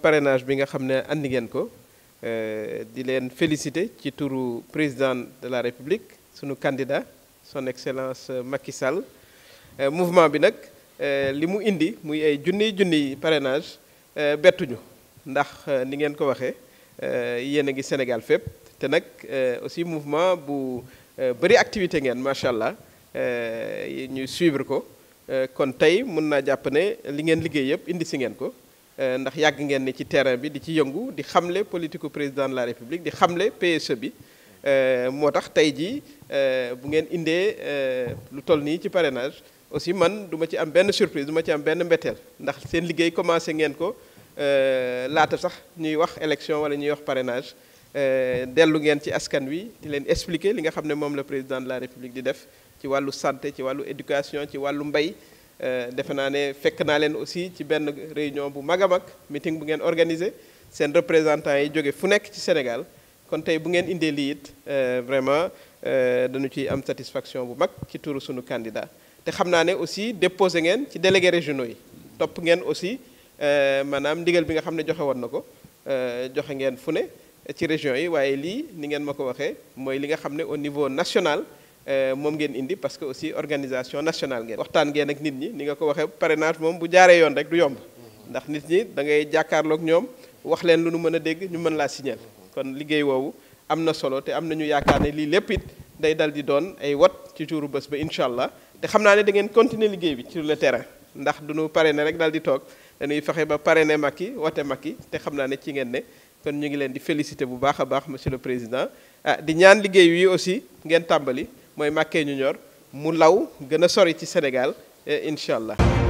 parrainage bi nga xam ne andi ngeen ko euh, di leen félicité ci turu président de la république sunu kandida son excellence euh, Macky Sall euh, mouvement bi nag li mu indi muy ay junniy junniy parrainage bettuñu ndax ni ngeen ko waxee yéen a ngi Sénégal fépp te nag aussi mouvement bu bëri activité ngeen macha allah ñu suivre ko kon tey mun naa jàpp ne li ngeen liggéey yëpp indi si ngeen ko. Euh, ndax yàgg ngeen ne ci terrain bi di ci yëngu di xamle politique président de la république di xamle PSE bi euh, moo tax tey jii euh, bu ngeen indee lu toll nii ci parenage aussi man duma ci am benn surprise du ma ci am benn mbetteel ndax seen liggéey commencé ngeen ko laata sax ñuy wax élection wala ñuy wax parrainage dellu ngeen ci askan wi di leen expliquer li nga xam ne moom la président de la république di def ci wàllu santé ci wàllu éducation ci wàllu mbay Euh, defe naa ne fekk naa leen aussi ci benn réunion bu mag a mag meeting bu ngeen organisé seen représentants yi jóge fu nekk ci Sénégal kon tey bu ngeen indee lii it euh, vraiment euh, dañu ci am satisfaction bu mag ci turu sunu candidat te xam naa ne aussi déposé ngeen ci délégués régionaux yi topp ngeen aussi maanaam ndigal bi nga xam ne joxe woon na ko joxe ngeen fu ne ci région yi waaye lii ni ngeen ma ko waxee mooy li nga xam ne au niveau national Euh, moom ngeen indi parce que aussi organisation nationale ngeen waxtaan ngeen ak nit ñi ni nga ko waxee parrainage moom bu jaaree yoon rek du yomb ndax nit ñi dangay ngay jàkkaarloog ñoom wax leen lu nu mën a dégg ñu mën laa signal kon liggéey woowu am na solo te am na ñu yaakaar ne lii lépp it day dal di doon ay wat ci tuuru bés ba incha allah te xam naa ne da ngeen continuer liggéey bi sur le terrain ndax du ñu parrainé rek dal di toog dañuy fexe ba pare ne parrainé Macky wote Macky te xam naa ne ci ngeen ne kon ñu ngi leen di féliciter bu baax a baax monsieur le président ah ñaan liggéey wi aussi ngeen tàmbali mooy Màkkee ñu ñor mu law gën a sori ci Sénégal eh, incha allah.